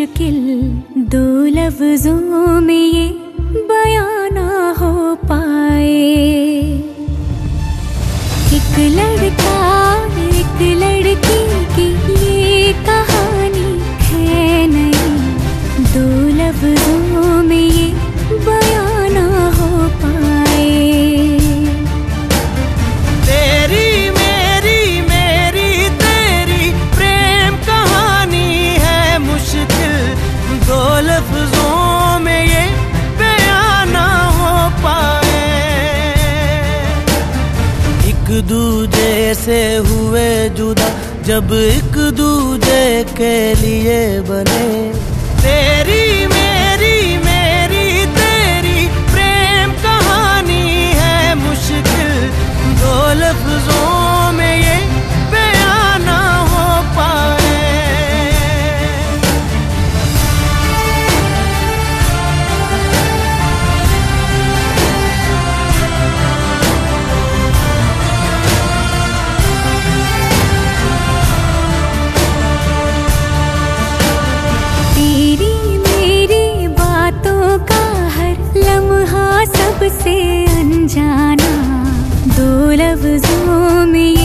मुश्किल दो लफ्जों में ये दूजे से हुए जुदा जब एक दूजे के लिए बने तेरी मेरी मेरी तेरी प्रेम कहानी है मुश्किल लफ सबसे अनजाना दो लफ्जों में